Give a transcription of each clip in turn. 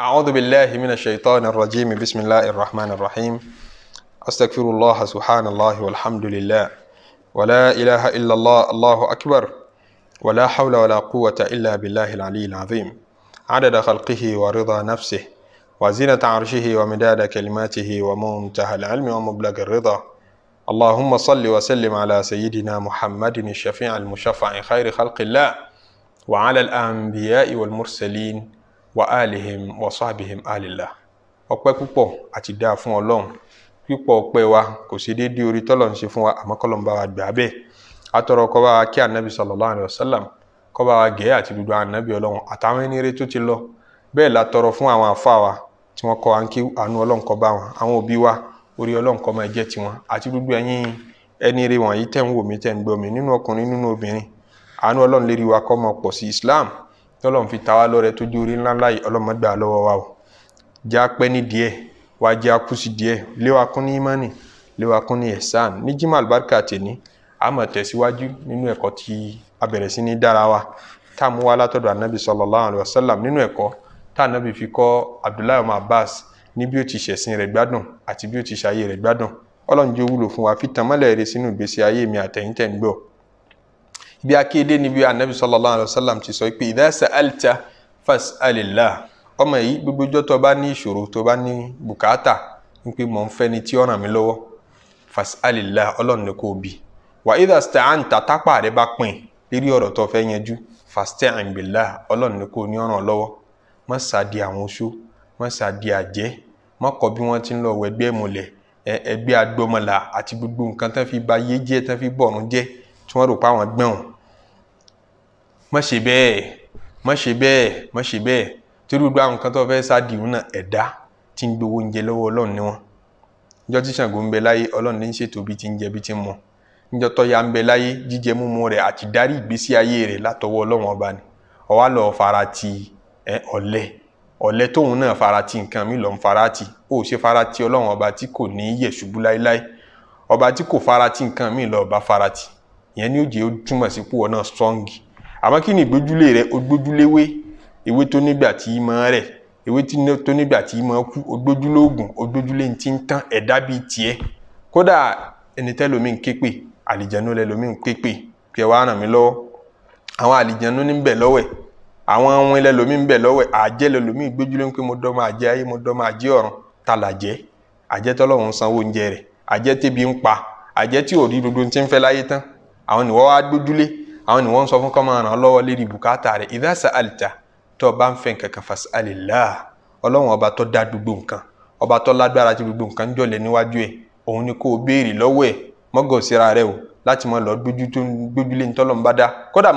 أعوذ بالله من الشيطان الرجيم بسم الله الرحمن الرحيم أستغفر الله سبحان الله والحمد لله ولا إله إلا الله الله أكبر ولا حول ولا قوة إلا بالله العلي العظيم عدد خلقه ورضا نفسه وزينة عرشه ومداد كلماته ومنتهى العلم ومبلغ الرضا اللهم صل وسلم على سيدنا محمد الشفيع المشفع خير خلق الله وعلى الأنبياء والمرسلين wa alihim wa sahbihim alillah ọpẹ́ púpọ̀ àti dáa fún ọlọ́run pípọ̀ ọpẹ́ wa kò sí déédéé orí tọ́lọ̀ ń ṣe fún wa àmọ́ kọ́lọ̀ ń bá wa gbà á bẹ́ẹ̀ atọ́rọ kọ́ bá wa kí anabi sallallahu alayhi wa sallam kọ́ bá wa gẹ̀ẹ́ àti dúdú anabi ọlọ́run àtàwọn ẹni tó ti lọ bẹ́ẹ̀ la fún àwọn àfa wa tí wọ́n kọ́ àǹkí àánú ọlọ́run kọ́ bá wọn àwọn òbí wa orí ọlọ́run kọ́ máa jẹ́ tiwọn àti dúdú ẹ̀yin ẹni eré wọ̀nyí ń wò mí tẹ̀ ń gbọ́ mi nínú ọkùnrin nínú obìnrin àánú ọlọ́run lérí wa kọ́ máa pọ̀ sí Islam tọ́lọ́n fi ta wá lọ́rẹ tó jórí ńlá ńlá yìí ọlọ́mọdé àlọ́wọ́ wa o já pẹ́ ní díẹ̀ wá já kú sí léwa kún ní imani léwa kún ní ẹ̀sán ní jimá alibarika tèmi àmọ̀ tẹ̀síwájú nínú ẹ̀kọ́ tí a bẹ̀rẹ̀ sí ní dára wa tá a mú wa látọ̀dọ̀ anabi sallallahu alaihi wasallam nínú ẹ̀kọ́ tá anabi fi kọ́ abdullahi ọmọ abbas ní bí ó ti ṣẹ̀sìn rẹ̀ gbádùn àti bí ó ti ṣayé rẹ̀ gbádùn ọlọ́run wúlò fún wa fi tàn mọ́lẹ̀ rẹ̀ sínú ìgbésí ayé mi àtẹ̀yìntẹ̀ ń gbọ́ bí akéde níbi anabi sallallahu alayhi wa sallam ti sọ pé idha sa'alta fas'alillah ọmọ yìí gbogbo ọjọ́ tó bá ní ìṣòro tó bá ní bùkátà wípé mò ń ni tí ó ràn mí lọ́wọ́ fas'alillah ọlọ́run ni kò bí wa idha sta'anta tápà rẹ bá pin lérí ọ̀rọ̀ tó fẹ́ yanjú fasta'in billah ọlọ́run ni kò ní ọ̀ràn lọ́wọ́ má sàdí àwọn oṣó má sàdí àjẹ́ má kọ bí wọ́n ti ń lọ wọ ẹgbẹ́ ìmùlẹ̀ ẹgbẹ́ agbọ́mọlà àti gbogbo nǹkan tán fi ba yé jẹ́ tán fi bọ̀rún jẹ́ tí wọ́n rò pa àwọn gbọ̀n má ṣe bẹ́ẹ̀ má ṣe bẹ́ẹ̀ má ṣe bẹ́ẹ̀ torí gbogbo àwọn nǹkan tó fẹ́ sáàdì òun náà ẹ̀dá tí ń gbowó oúnjẹ lọ́wọ́ ọlọ́run ni wọ́n níjọ́ tí Ṣàngó ń bẹ láyé ọlọ́run ní ṣètò bí ti ń jẹ bí ti ń mu níjọ́ tó ya ń bẹ láyé jíjẹ múmu rẹ̀ àti darí ìgbésí ayé rẹ̀ látọwọ́ ọlọ́run ọba ni ó wá lọ fara ti ẹ ọ̀lẹ ọ̀lẹ tóun náà fara ti nǹkan mi lọ ń fara ti ó ṣe fara ti ọlọ́run ọba tí kò ní yẹ̀ ṣubú láéláé ọba tí kò fara ti nǹkan mi lọ ọba fara ti ìyẹn ni ó jẹ́ ó túmọ̀ sí pò náà strong àmọ́ kí ni ìgbójúlé rẹ o gbójúléwé ewé tó nígbà tí í mọ́ rẹ̀ ewé tó nígbà tí í mọ́ kú o gbójúlóògùn o gbójúlé ti ń tán ẹ̀dá bíi tiẹ̀ kódà ẹni tẹ́ lomi ń ké pè àlìjẹnú lẹ lomi ń ké pè kí ẹ wá ràn mí lọ́wọ́ àwọn àlìjẹnú ní bẹ̀ lọ́wẹ̀ àwọn ohun ilẹ̀ lomi ń bẹ̀ lọ́wẹ̀ àjẹ́ lẹ lomi gbójúlé ń pé mo dọ́mọ àjẹ́ ayé mo dọ́mọ àjẹ́ ọ̀run tàlàjẹ́ àjẹ́ tọ́lọ́run sanwó oúnjẹ rẹ̀ àjẹ́ tẹ́bi ń pa àjẹ́ tí ò rí gbogbo ti ń fẹ́ láyé tán àwọn ni wọ́n wá gbójúlé àwọn ni wọ́n ń sọ fún kọ́mọ ràn lọ́wọ́ lérí bùkátà rẹ̀ idha sa'alta tó o bá ń fẹ́ nǹkan kan fas'alillah ọlọ́run ọba tó dá gbogbo nǹkan ọba tó lágbára ti gbogbo nǹkan jọ̀lẹ̀ níwájú ẹ̀ òun ni kó o béèrè lọ́wọ́ ẹ̀ mọ́gọ̀ síra rẹ o láti mọ lọ gbójú tó gbójúlé ń tọ́lọ́ bá dá kódà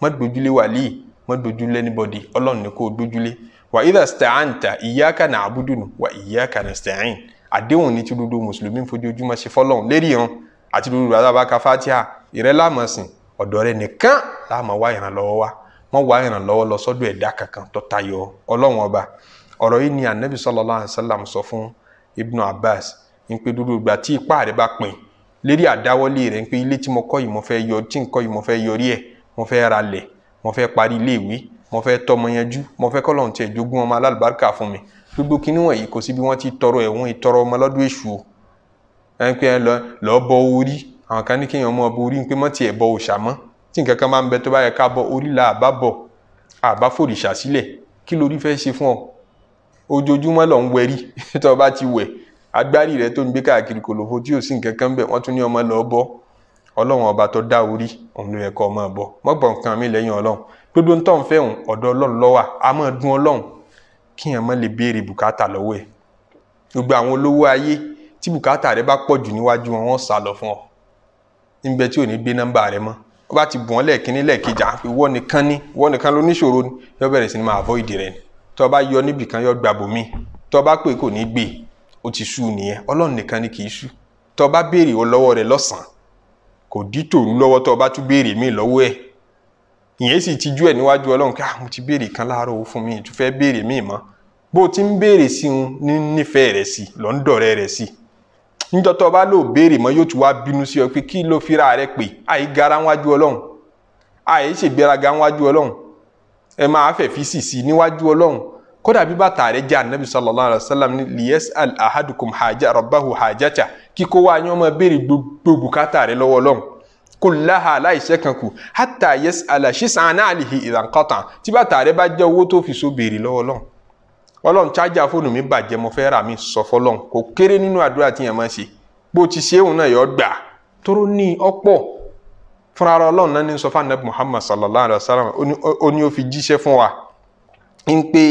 mọ́ gbójúlé wàlíì gbójúlé anybody ọlọ́run ni kó gbójúlé wa idha sta'anta iyyaka na'budu wa iyyaka nasta'in àdéhùn ni ti dúdú mùsùlùmí fojoojúmọ́ ṣe fọ́lọ́run lérí irun àti dúdú adábàáka fatiha ìrẹ́ lámọ̀sìn ọ̀dọ̀ rẹ nìkan láàmọ̀ wá ìrànlọ́wọ́ wá wọ́n wá ìrànlọ́wọ́ lọ sọ́dọ̀ ẹ̀dá kankan to tayo ọlọ́run oba ọ̀rọ̀ yi ni anabi sallallahu alaihi wasallam so fun ibnu abbas pe pin pe mo mo yọ mo fẹ́ tọmọ yẹn jú mo fẹ́ kọ́ lọ́run tiẹ̀ jogún ọmọ alálùbáríkà fún mi gbogbo kíní wọ̀nyí kò sí bí wọ́n ti tọrọ ẹ̀wọ̀n ìtọrọ ọmọ lọ́dún èṣù o ẹni pé lọ́ọ́ bọ orí àwọn kan ní kéèyàn ọmọ ọbọ orí pé mọ́ tiẹ̀ bọ òòṣà mọ́ tí nǹkan kan máa ń bẹ tó bá yẹ ká bọ orí la àbá bọ̀ àbá fòrìṣà sílẹ̀ kí lórí fẹ́ ṣe fún ọ ojoojúmọ́ lọ ń wẹ̀rí tó o bá ti wẹ̀ agbárí rẹ tó ń gbé káàkiri kò lófo tí ò sí nǹkan kan bẹ̀ wọ́n tún ní ọmọ lọ́ọ́ bọ́ ọlọ́run ọba tó dá orí òun ló yẹ kọ́ ọmọ bọ̀ mọ́gbọ̀n kan mi lẹ́yìn ọlọ́run gbogbo ntọ́ nfẹ́ hùn ọ̀dọ̀ ọlọ́run lọ́wà a máa dùn ọlọ́run kí èèyàn má lè béèrè bùkátà lọ́wọ́ ẹ̀ gbogbo àwọn olówó ayé tí bùkátà rẹ bá pọ̀ jù níwájú wọn wọ́n sá lọ fún ọ níbẹ̀ tí ò ní gbé nọ́mbà rẹ mọ́ wọ́n bá ti bù wọ́n lẹ́ẹ̀kínní lẹ́ẹ̀kejì àpè wọ́n nìkan ní wọ́n nìkan ló níṣòro ni yọ bẹ̀rẹ̀ sí ni máa avoid rẹ ni tọ́ bá yọ níbì kan yọ gbàbò míì tọ́ bá pè kò ní gbé ó ti sú nìyẹn ọlọ́run nìkan ni kì í sú tọ́ bá béèrè lọ́wọ́ rẹ lọ́sàn-án kò dí tòru lọ́wọ́ tọ́ bá tún béèrè míì lọ́wọ́ ẹ̀ ìyẹn sì tijú ẹ̀ níwájú ọlọ́run pé ah, mo ti béèrè kan láàárọ̀ ó fún mi ìtú fẹ́ béèrè míì mọ́ bó o ti ń béèrè sí un ní nífẹ̀ẹ́ rẹ̀ sí lọ́ńdọ̀rẹ́ rẹ̀ sí níjọ́ tó o bá lò béèrè mọ́ yóò tún wá bínú sí ọ pé kí ló fira rẹ pé àyè gara wájú ọlọ́run àyè ṣègbéraga wájú ọlọ́run ẹ máa fẹ́ fi sì sí níwájú ọlọ́run kódà bí bàtà rẹ jẹ́ anabi sallallahu alayhi wa sallam ni liyes al ahadukum hajja rabbahu hajjata kíkó wa ni wọ́n máa béèrè gbogbo bùkátà rẹ lọ́wọ́ ọlọ́run kullaha láìṣẹ́ kan kù hatta yas'ala shisan analihi ìrànkọ́tà tí bàtà rẹ bá jẹ́ owó tó fi so béèrè lọ́wọ́ lọ́n ọlọ́run chájà fóònù mi bàjẹ́ mo fẹ́ rà mí sọ fọlọ́n kò kéré nínú àdúrà tí yẹn máa ṣe bó ti ṣe òun náà yọ gbà tóró ní ọ̀pọ̀ fúnra ara ọlọ́run náà ní sọ fún anabi muhammad sallallahu alayhi wa sallam ó ní fi jíṣẹ́ fún wa ń pé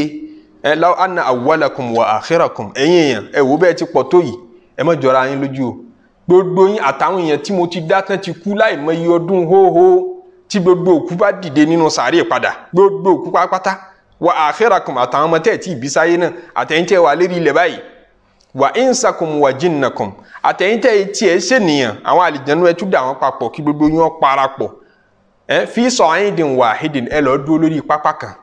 ẹ law anna awwalakum wa akhirakum ẹ̀yin èèyàn ẹ wò bẹ́ẹ̀ ti pọ̀ tó yìí ẹ má jọra yín lójú o gbogbo yin àtàwọn èèyàn tí mo ti dá tán ti kú láì mọye ọdún hóhó tí gbogbo òkú bá dìde nínú sàárè padà gbogbo òkú pátápátá wà akhirakum àtàwọn ọmọ tẹ̀ tí ìbí sáyé náà àtẹ̀yìn tẹ̀ wà lérí ilẹ̀ báyìí wà insakum wà jinnakum àtẹ̀yìn tẹ̀ tí ẹ̀ ṣènìyàn àwọn àlìjẹ́nu ẹ̀ tún dà wọ́n papọ̀ kí gbogbo yín ọ́ parapọ̀ ẹ̀ fi sa'idin wahidin ẹ̀ lọ́ọ́ dúró lórí pápá kan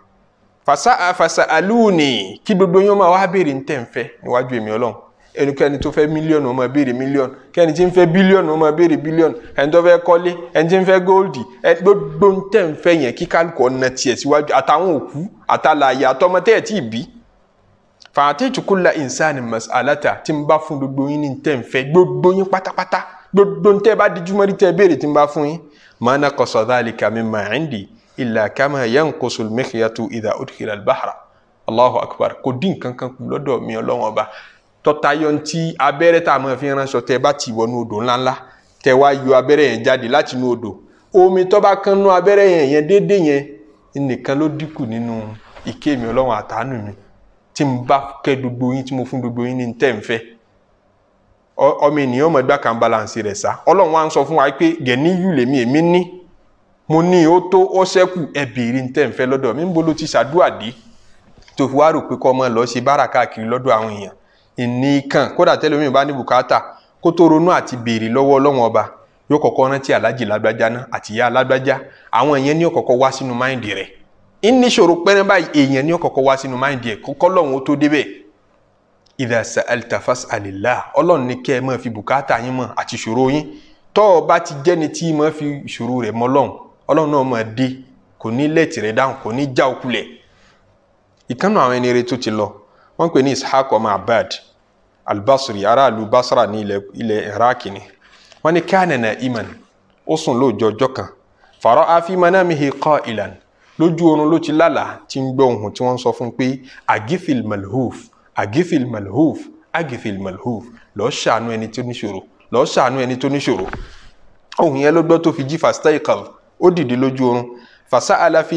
fasa fasa alúùnì kí gbogbo yín ó máa wá ń tẹ̀ ń fẹ́ níwájú èmi ọlọ́run ẹnikẹ́ni tó fẹ́ mílíọ̀nù ó máa béèrè mílíọ̀nù kẹ́ni tí ń fẹ́ bílíọ̀nù ó máa béèrè bílíọ̀nù ẹni tó fẹ́ kọ́lé ẹni tí ń fẹ́ góòlì ẹni gbogbo ń tẹ̀ ń fẹ́ yẹn kí kálukọ̀ ọ̀nà tiẹ̀ síwájú àtàwọn òkú àtàlàyé àtọmọtẹ́ ẹ̀ tí ì bí. fàtíìtù kúlà ìnsáni màsálàtà tí ń bá fún gbogbo yín ní tẹ̀ ń fẹ́ gbogbo yín pátápátá gbogbo ń bá di júmọ́rí tẹ́ béèrè kama yanqusu al-mikhyatu idha al-bahra Allahu akbar kò dín kankan kù lọ́dọ̀ mi tọ́tayọ ntí abẹ́rẹ́ tá a máa fi ránṣọ tẹ́ bá ti wọnú odò ńláńlá tẹ́ wá yọ abẹ́rẹ́ yẹn jáde láti inú odò omi tó bá kan nú abẹ́rẹ́ yẹn yẹn dédé yẹn nìkan ló dínkù nínú ìké mi ọlọ́run àtàánù mi tí n bá kẹ́ gbogbo yín tí mo fún gbogbo yín ní tẹ́ ń fẹ́ ọmọ ènìyàn ọmọ ẹgbẹ́ kan balance rẹ̀ sá ọlọ́run wa ń sọ fún wa pé gẹ̀ẹ́ni yù lèmi èmi ní mo ní ó tó ó ṣẹ́kù ẹ bèèrè ní tẹ́ ń fẹ́ lọ́dọ̀ mi ń bolo ti ṣàdúrà tó fi wá rò pé kọ́ ọmọ lọ́ọ́ ṣe bára káàkiri lọ́dọ̀ àwọn èèyàn ìníkàn kódà tẹlẹmí bá ní bùkátà kó tó ronú àti béèrè lọ́wọ́ Ọlọ́run ọba yóò kọ́kọ́ rántí alájì lágbájá náà àti ìyá lágbájá àwọn èèyàn ní ọkọkọ wá sínú máìndì rẹ̀ ìníṣòro pẹrẹ báyìí èèyàn ní ọkọkọ wá sínú máìndì ẹ kọkọ lọhùn ó tó débẹ̀ idha sa'alta fas'alillah Ọlọ́run ní kẹ́ ẹ máa fi bùkátà yín mọ̀ àti ìṣòro yín tọ́ ọ bá ti jẹ́ni tí máa fi ìṣòro rẹ̀ mọ́ Ọlọ́run Ọlọ́run náà máa dé kò ní lẹ́tì rẹ̀ dáhùn kò ní já okulẹ̀ ìkànnì àwọn ẹni rẹ̀ tó ti lọ wọ́n pè ní Ishaq ọmọ Abad albasri aráàlú basra ní ilẹ̀ iraki ni wọ́n ní kana na'iman ó sùn lóòjọ́ ọjọ́ kan fara'a fi manamihi qa'ilan lójú oorun ló ti lálàá tí ń gbọ́ ohun tí wọ́n ń sọ fún pé agifil malhuf agifil malhuf agifil malhuf lọ́ọ́ ṣàánú ẹni tó níṣòro lọ́ọ́ ṣàánú ẹni tó níṣòro ohun yẹn ló gbọ́ tó fi jí fastaiqal ó dìde lójú oorun fasa ala fi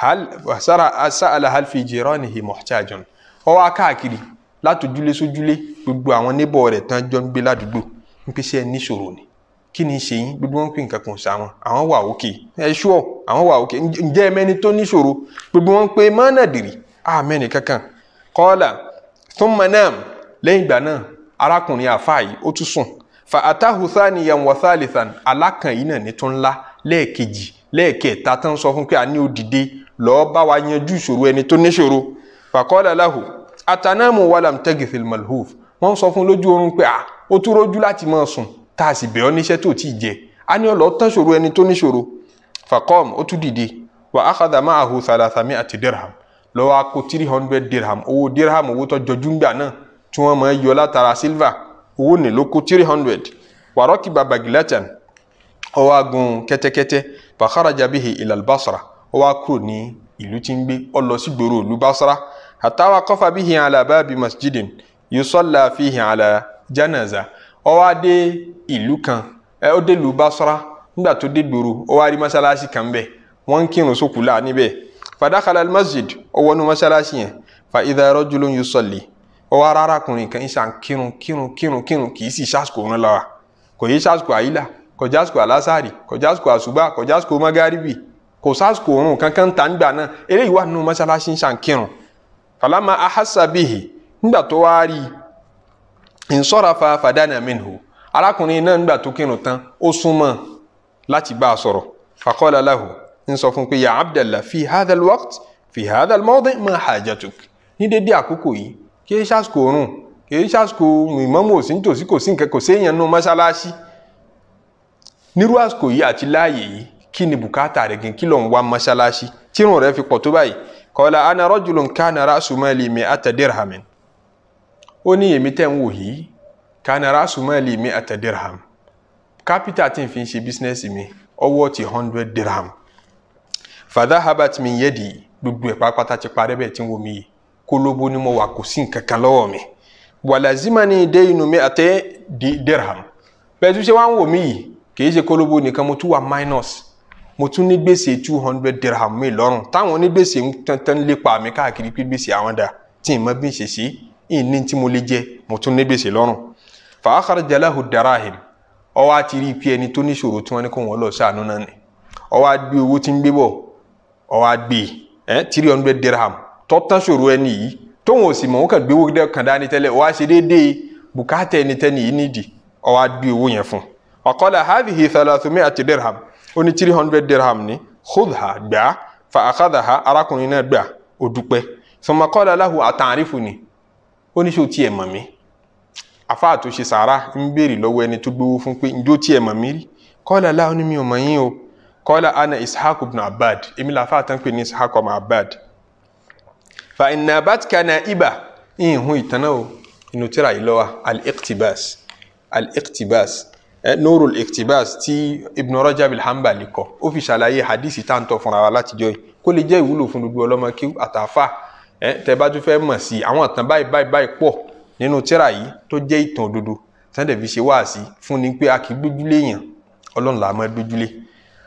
hal sara asa ala hal fi jiranihi látòjúlé sójúlé gbogbo àwọn níbọ̀ rẹ̀ tán jọ ń gbé ládùúgbò ń pèsè ẹ níṣòro ni kí ni ṣe yín gbogbo wọn pè nǹkan kan ṣá wọn àwọn wà òkè ẹ ṣúọ àwọn wà òkè ǹjẹ́ ẹ mẹ́ni tó níṣòro gbogbo wọn pé mọ́nà dìrì àmẹ́ni kankan kọ́ọ̀là thumma nam lẹ́yìn ìgbà náà arákùnrin àfáà yìí ó tún sùn fa atahu thaniyan wa thalithan alákàn yìí náà ní tún ńlá lẹ́ẹ̀kejì lẹ́ẹ̀kẹta tán sọ fún pé a ní òdìdé lọ́ọ́ bá wa yanjú ìṣòro ẹni tó níṣòro fàkọ́ọ̀là láhùn atanamu walam tagifil malhuf wọ́n sọ fún lójú oorun pé ah ó tún rójú láti máa sùn tá a sì bẹ̀ ọ́ níṣẹ́ tó tíì jẹ a ní ọlọ́ tán ṣòro ẹni tó níṣòro fakọ́m ó tún dìde wà á kàdà máa hù sàlàsàmì àti dirham lọ́wọ́ a kó three hundred dirham owó dirham owó tó jọjú ńgbà náà tí wọ́n máa yọ látara silver owó ní ló kó three hundred wàrọ́kì bàbá gilatan ọwọ́ agun kẹ́tẹ́kẹ́tẹ́ bàkàrà jabihi ilal akúrò ní ìlú tí ń gbé ó sí gbòòrò ìlú basra hatta waqafa bihi ala babi masjidin yusalla fihi ala janaza ó ìlú kan ẹ ó ìlú Basra nígbà tó dé gbòòrò ó wá kan bẹ́ẹ̀ wọ́n kírun sókù láà masalasi fa idha yusalli ó wá rárá kan ìṣà kírun kírun kírun kírun kì í sì ṣàṣkò ń wa kò yí kò kò kò magaribi kò kankan nígbà náà eléyìí wà nínú falama ahasa bihi nígbà tó wá rí ìnsọ́rafa fàdánà minhu arákùnrin náà nígbà tó kírun tán ó súnmọ́ láti bá a sọ̀rọ̀ faqala lahu ń sọ fún pé ya abdallah fi hadhal waqt fi hadhal mawdi ma hajatuk ní dédé àkókò yìí kí ẹ ṣàṣkò òórùn kì í ṣàṣkò ìmọ̀mù òsì nítòsí kò sí nǹkan kò séèyàn nù mọ́ṣáláṣí nírú àsìkò yìí àti láàyè yìí kí ni bùkátà rẹ̀ gan kí ló ń wá mọ́ṣáláṣí tírun rẹ̀ fi pọ̀ tó báyìí قال أنا رجل كان رأس مالي مئة درهم، أني متن èmi كان رأس مالي مئة درهم، ra'su mali mi'ata dirham kápítà tí n fi ń ṣe bísínẹ́sì mi ọwọ́ ti hundred dirham fadhahabat min yadi gbogbo ẹ̀ pápátá ti parẹ́ bẹ́ẹ̀ tí ń wò mí yìí kólóbó ni mo wà kò sí nǹkan kan lọ́wọ́ mi wàlàzímà ni dayinu mi'ata dirham bẹ́ẹ̀ tí ó ṣe wá ń wò mí yìí kì í ṣe kólóbó nìkan mo tún wà minus mo tún ní gbèsè two hundred dirham mi lọ́rùn táwọn onígbèsè tán lépa mi káàkiri pé gbèsè àwọn dà tí ì mọ bí ṣe sí ì ní tí mo lè jẹ mo tún ní gbèsè lọ́rùn. fa akhraja lahu darahim ọwọ́ àti rí i pé ẹni tó níṣòro tí wọ́n ní kó wọ́n lọ ṣàánú náà ni ọwọ́ àgbé owó tí ń gbé bọ̀ ọwọ́ àgbé ẹ̀ three hundred dirham tọ́tán ṣòro ẹni yìí tóun ò sì mọ̀ wọ́n kàn gbé owó kan ó ní three hundred dirham ní khudha gbà á fa akhadhaha arákùnrin náà gbà ó dúpẹ́ summa qala lahu ata'rifuni ó ní ṣé o tiẹ̀ mọ̀ mí àfáà tó ṣe sàárà ń béèrè lọ́wọ́ ẹni tó gbowó fún pé ǹjọ́ tiẹ̀ mọ̀ mí rí qala la ó ní mi ò mọ̀ yín o qala ana ishaq ibn abad èmi làfáà tán ní ishaq ọmọ abad fa innabatka na'iba ìhun ìtànà o inú tíra yìí lọ́wọ́ al-iqtibas al-iqtibas Eh, nurul iktibas tí ibn rajab al-hanbali kọ ó fi ṣàlàyé hadisi tá à ń tọ fúnra wa látijọ́ yìí kó lè jẹ́ ìwúlò fún gbogbo ọlọ́mọ kí àtàfà eh, tẹ́ bá tún fẹ́ mọ̀ sí àwọn ìtàn báyìí báyìí báyìí pọ̀ nínú tíra yìí tó jẹ́ ìtàn òdodo sẹ́ńdẹ̀ fi ṣe wáàsí fún ni pé a kì í gbójúlé yàn ọlọ́run làá máa gbójúlé.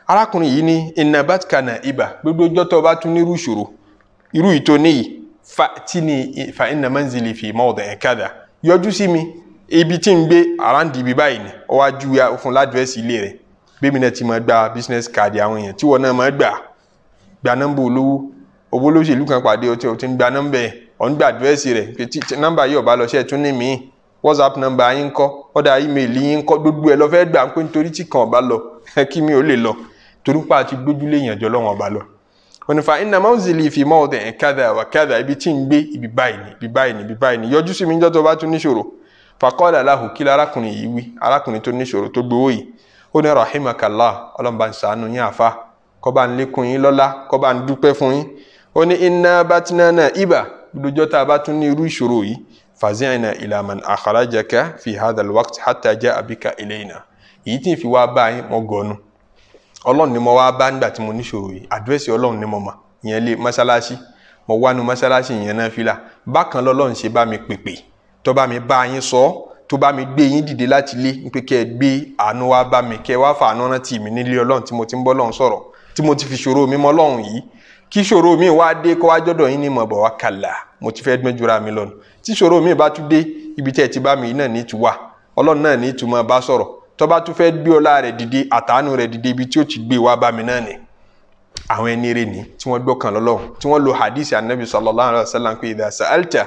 arákùnrin yìí ní iná bàtìkànà ibà gbogbo ọjọ́ bá tún nírú ìṣòro irú ìtò fa tí ni fa iná manzili fi mọ́ ọ̀dà ẹ̀kadà yọjú ibi tí ń gbé around ibi báyìí ni ó wá ju fún ládírẹ́sì ilé rẹ̀ bẹ́ẹ̀ mi náà ti máa gba business card àwọn èèyàn tí wọ́n náà máa gbà gba nọ́mbà olówó owó olóṣèlú kan pàdé ọtí ọtí ń gba nọ́mbà ẹ̀ ọ̀ gba àdírẹ́sì rẹ̀ pé nọ́mbà yìí ọ̀bá lọ ṣe ní mí whatsapp nọ́mbà yín kọ́ ọ̀dà email yín kọ́ gbogbo ẹ̀ lọ fẹ́ gbà pé nítorí tí kan ọ̀bá lọ kí mi ò lè lọ torúpà àti gbójúlé ìyànjọ́ lọ́wọ́n ọ̀bá lọ onífa iná mọ́nsìlì fi mọ́ ọ̀dẹ̀ ẹ̀kádà wàkádà ibi tí ń gbé ibi báyìí ni ibi báyìí ni ibi báyìí ni yọjú sí mi níjọ́ tó bá tún níṣòro fakọ́lá aláhùn kí arákùnrin yìí wí arákùnrin tó níṣòro tó gbowó yìí ó ní rahimakallah ọlọ́mba ń sànú yín àfa kọ́ba ń lékun yín lọ́lá kọ́ba ń dúpẹ́ fún yín ó ní iná bátínánà ibà lójọ́ tá a bá tún ní irú ìṣòro yìí fàzíànà fi hadal waqt hatta jẹ àbíkà ilayna èyí tí ì fi wá bá yín mọ́ gọ́nu ọlọ́run ni mo wá bá nígbà tí mo níṣòro yìí àdírẹ́sì ọlọ́run ni mo mọ̀ ìyẹn lé mọ́ṣáláṣí mo wá nu mọ́ṣáláṣí ìyẹn náà fìlà bákan lọ́lọ́run ṣe bá mi pèpè tó bá mi bá yín sọ tó bá mi gbé yín dìde láti ilé ń pé kẹ́ ẹ gbé àánú wá bá mi kẹ́ ẹ wá fàánú rántí mi nílé ọlọ́run tí mo ti ń bọ́ lọ́run sọ̀rọ̀ tí mo ti fi ṣòro mi mọ́ lọ́run yìí kí ṣòro mi wá dé kó wá jọ́dọ̀ yín ní mọ̀ bọ̀ wá kàlà mo ti fẹ́ gbẹ́jura mi lọ́nu tí ṣòro mi bá tún dé ibi tẹ́ ti bá mi náà ní tu wá ọlọ́run náà ní tu mọ́ bá sọ̀rọ̀ tó bá tún fẹ́ gbé ọlá rẹ̀ dìde àtàánú rẹ̀ dìde ibi tí ó ti gbé wá bá mi náà ni àwọn ẹni rẹ̀ ni tí wọ́n gbọ́kàn lọ́lọ́run tí wọ́n lo hadith anabi sallallahu alayhi wa sallam pé idha sa'alta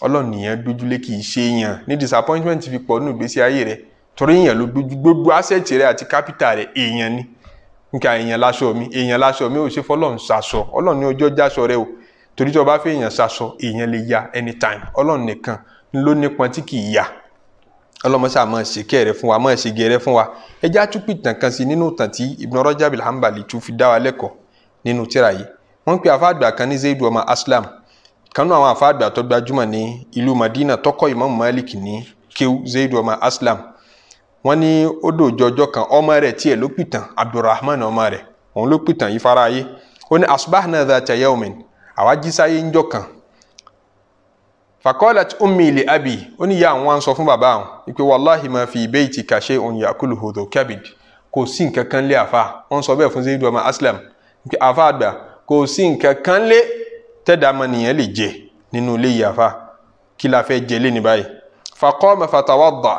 ọlọ́run nìyẹn dójúlé kì í ṣe èèyàn ní disappointment fi pọ̀ nínú ìgbésí ayé rẹ torí èèyàn ló dojú gbogbo asset rẹ àti capital rẹ èèyàn ni nǹkan èèyàn láṣọ mi èèyàn láṣọ mi ò ṣe fọlọ́run ṣaṣọ ọlọ́run ní ọjọ́ jáṣọ rẹ o torí tí o bá fẹ́ èèyàn ṣaṣọ èèyàn lè ya anytime ọlọ́run nìkan ló nípọn tí kì ya yà ọlọmọsá máa ṣe kẹrẹ fún wa máa ṣe gẹrẹ fún wa ẹjẹ àtúpì tàn kan sí nínú tàn tí Ibn Rajab al-Hanbali tún fi dá wa lẹ́kọ̀ọ́ nínú tírà yìí wọ́n pe àfáàgbà kan ní Zaidu ọmọ Aslam kanu àwọn àfáàgbà tó gbajúmọ̀ ní ìlú Madina tó kọ́ Imam Malik ní kéwú Zaid ọmọ Aslam wọ́n ní ó dòjọ́ ọjọ́ kan ọmọ rẹ̀ tiẹ̀ ló pìtàn Abdulrahman ọmọ rẹ̀ òun ló pìtàn yìí fara ayé ó ní asubahna dhata yawmin àwa jísáyé ńjọ́ kan fakọ́lát ummi abi ó ní ìyá àwọn wa ń sọ fún bàbá àwọn ìpè wàláhì máa fi baytika shay'un yakuluhu dhu kabid kò sí nǹkan kan lé àfa wọ́n sọ bẹ́ẹ̀ fún Zaid ọmọ Aslam ìpè àfa àgbà kò sí nǹkan kan lé tẹ́dàmọ́nìyàn lè jẹ nínú ilé ìyàfa kí la fẹ́ jẹ lé ní báyìí faqama fatawadda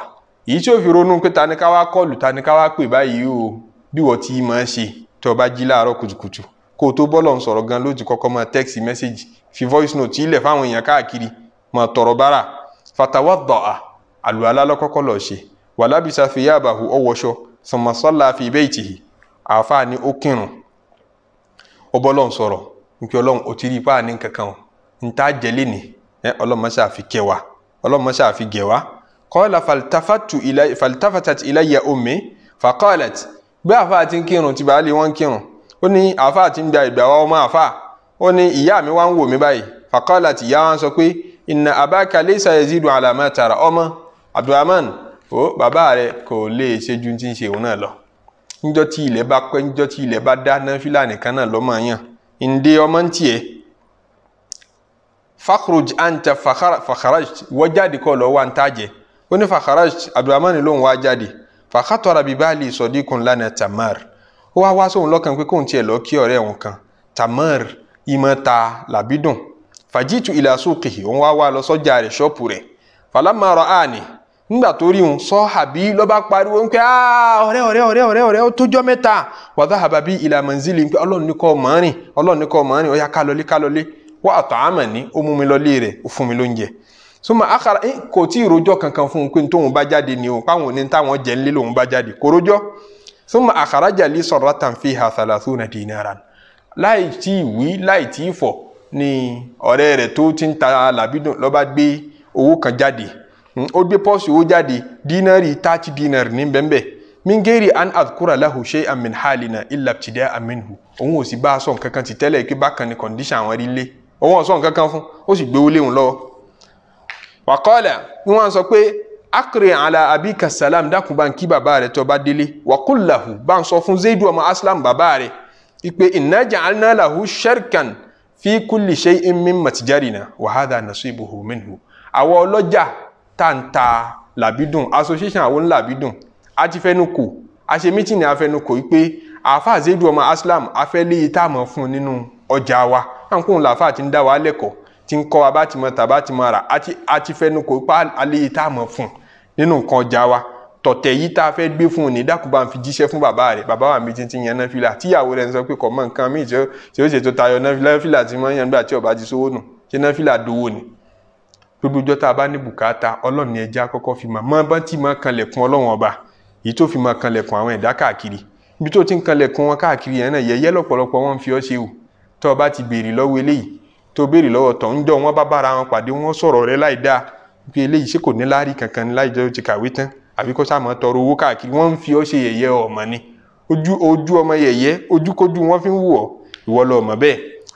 èyí tí ó fi ronú pé ta ni ká wá kọlù ta ni ká wá pè báyìí o bí wọ́n ti máa ṣe tí o bá jí láàárọ̀ kùtùkùtù kó o tó bọ́lọ̀ ń sọ̀rọ̀ gan ló kọ́kọ́ máa text message fi voice note ilẹ̀ fáwọn èèyàn káàkiri máa tọrọ bára fatawadda àlùalá lọ́kọ́kọ́ lọ ṣe wàlábìsà thiyabahu ọwọ́ṣọ summa salla fi baytihi àáfàá ni ó kírun ó bọ́lọ̀ ń sọ̀rọ̀ nkí ọlọ́run ò ti rí ipá ní kankan o nta jẹ́lé ni ọlọ́run mọ́sá fi kẹ́ wa ọlọ́run mọ́sá fi gẹ̀ wa kọ́lá falitafatat ilayya ummi fakọ́lẹ̀t bí àfa àti kírun ti bàálẹ̀ wọ́n kírun ó ní àfa àti gba ìgbà wa ọmọ àfa ó ní ìyá mi wá ń wò mí báyìí fakọ́lẹ̀t ìyá wa sọ pé inna abaka laysa yazidu ala ma tara ọmọ abdulrahman ó bàbá rẹ kò lè ṣe ju ti ń ṣe òun náà lọ níjọ́ tí ilẹ̀ bá pẹ́ níjọ́ tí ilẹ̀ bá dá náà fílàní kan náà lọ́mọ yàn inde ọmọ ń tiẹ̀ fakhruj anta fakharaj wọ́n jáde kọ́ lọ́wọ́ wa ń tà jẹ́ ó ní fakharaj abdulrahman ló ń wá jáde fakhatara bibali sọdíkun lana tamar ó wá wá sóhun lọ́kàn pé kóun tiẹ̀ lọ kí ọ̀rẹ́ òun kan tamar ìmọ̀ ta làbídùn fàjìtù ìlà suqihi òun wá wá lọ sọ́jà rẹ̀ ṣọ́ọ̀pù rẹ̀ falamma ra'ani nígbà tó rí òun sọ àbí lọ́ba pariwo ń pẹ́ ọ̀rẹ́ ọ̀rẹ́ ọ̀rẹ́ ọ̀rẹ́ ọ̀rẹ́ ó tójọ́ mẹ́ta wàdà àbàbí ìlà manzili ń pẹ́ ọlọ́run ní kọ́ mọ́rin ọlọ́run ní kọ́ mọ́rin ọ̀yà kálọ́lé kálọ́lé wà àtọ̀ àmà ní ó mú mi lọ́lé rẹ̀ fún mi lóúnjẹ. súnmọ́ àkàrà ẹ̀ kò tí ì rojọ́ kankan fún un pé tóun bá jáde ni o páwọn òní táwọn jẹ́ ńlé lòun bá jáde kò rojọ́ súnmọ́ àkàrà jàlí sọ̀rọ̀ tàn fi hà thalathuna dinaran láì tí ì wí láì tí ì fọ̀ ni ọ̀rẹ́ rẹ̀ tó ti ń ta làbídùn ló Hmm? ó gbé pọ́ọ̀sì owó jáde dínárì táàtì dínárì ní bẹ́ẹ̀ mingeri an adkura lahu ṣe amin halina ilabtidẹ aminhu òun ò sì bá a sọ nǹkan kan ti tẹ́lẹ̀ pé bákan ni kọ̀ǹdíṣàn àwọn rí lé òun ò sọ nǹkan kan fún ó sì gbowó léwu lọ́wọ́. wàkọ́ọ̀là ni wọ́n sọ pé akiri ala abika salam dákun bá ń kí bàbá rẹ̀ tó bá délé wàkúlàhù bá ń sọ fún zaidu ọmọ aslam bàbá ipe inna ja'alna lahu sharkan fi kulli shay'in min matijarina wa hadha nasibuhu minhu àwọn ọlọ́jà tá à ta làbídùn association àwọn ńlàbídùn a ti fẹnu kò a ṣe mítìnì afẹnukò yìí pé àáfàá zaidu ọmọ aslam afẹ́lẹ́ yìí tá a mọ̀ fún nínú ọjà wa àǹkóhùn làáfàá ti ń dá wa lẹ́kọ̀ọ́ ti ń kọ́ wa bá ti mọ tàbá ti mọ rà a ti fẹnukò pa alẹ́ yìí tá a mọ̀ fún nínú nǹkan ọjà wa tọ̀tẹ̀ yìí tá a fẹ́ gbé fún un ní dákúbà ń fi jíṣẹ́ fún bàbá rẹ̀ bàbá wa mi ti ti yan náfìlà tíyàwó rẹ̀ ń sọ pé kò mọ nǹkan míì tí ó ṣètò tayọ náfìlà tí wọ́n yan nígbà tí ọba ti sówó nù ṣe náfìlà dowó ni gbogbo ọjọ́ tá a bá ní bùkátà ọlọ́run ni ẹ jẹ́ àkọ́kọ́ fi mọ̀ mọ́ bá ti máa kanlẹ̀kùn ọlọ́run ọba èyí tó fi máa kanlẹ̀kùn àwọn ẹ̀dá káàkiri ibi tó ti ń kanlẹ̀kùn wọn káàkiri yẹn náà yẹyẹ lọ́pọ̀lọpọ̀ wọn fi ọ́ ṣe o tó o bá ti béèrè lọ́wọ́ eléyìí tó o béèrè lọ́wọ́ tó ń jọ wọn bá bára wọn pàdé wọn sọ̀rọ̀ rẹ láì dáa bí eléyìí ṣe kò ní láárí kankan láì jẹ́ ó ti kàwé tán àbí kó sáà máa tọrọ owó káàkiri wọ́n ń fi ọ́ ṣe yẹyẹ ọmọ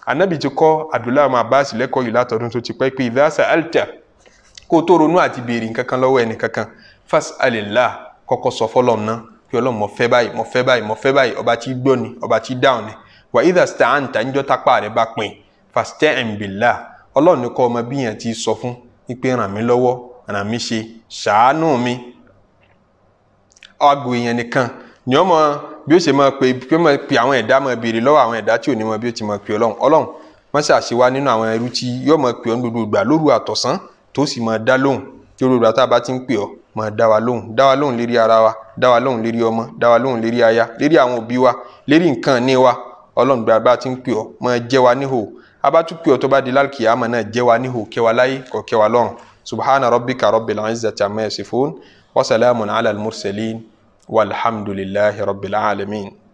anabi ti kọ́ abdullahi ọmọ abbas lẹ́kọ̀ọ́ yìí látọdún tó ti pẹ́ pé ìdásá alta kó tó ronú àti béèrè nǹkankan lọ́wọ́ ẹnì kankan fas alillah kọ́kọ́ sọ fọlọ́m náà pé ọlọ́run mo fẹ́ báyìí mo fẹ́ báyìí mo fẹ́ báyìí ọba tí gbọ́ ni ọba tí dáhùn ni wà ìdá sta'anta níjọ́ tápá rẹ̀ bá pin fasta'in billah ọlọ́run ní kọ́ ọmọ bíyàn ti sọ fún wípé ràn mí lọ́wọ́ ràn mí ṣe ṣàánú mi ọgbìn yẹn nìkan ni ọmọ bí ó ṣe máa pe bí ó máa pe àwọn ẹ̀dá máa béèrè lọ́wọ́ àwọn ẹ̀dá tí ò ní mọ bí ó ti máa pe ọlọ́run ọlọ́run má ṣe àṣewá nínú àwọn ẹrú tí yóò máa pe ọ́ gbogbo ìgbà lóru àtọ̀sán tó sì máa dá lóhùn tí ó rọra tá a bá ti ń pè ọ́ máa dá wa lóhùn dá wa lóhùn lérí ara wa dá wa lóhùn lérí ọmọ dá wa lóhùn lérí aya lérí àwọn òbí wa lérí nǹkan ní wa ọlọ́run gbà bá ti ń pè ọ́ máa jẹ́ wa níhò والحمد لله رب العالمين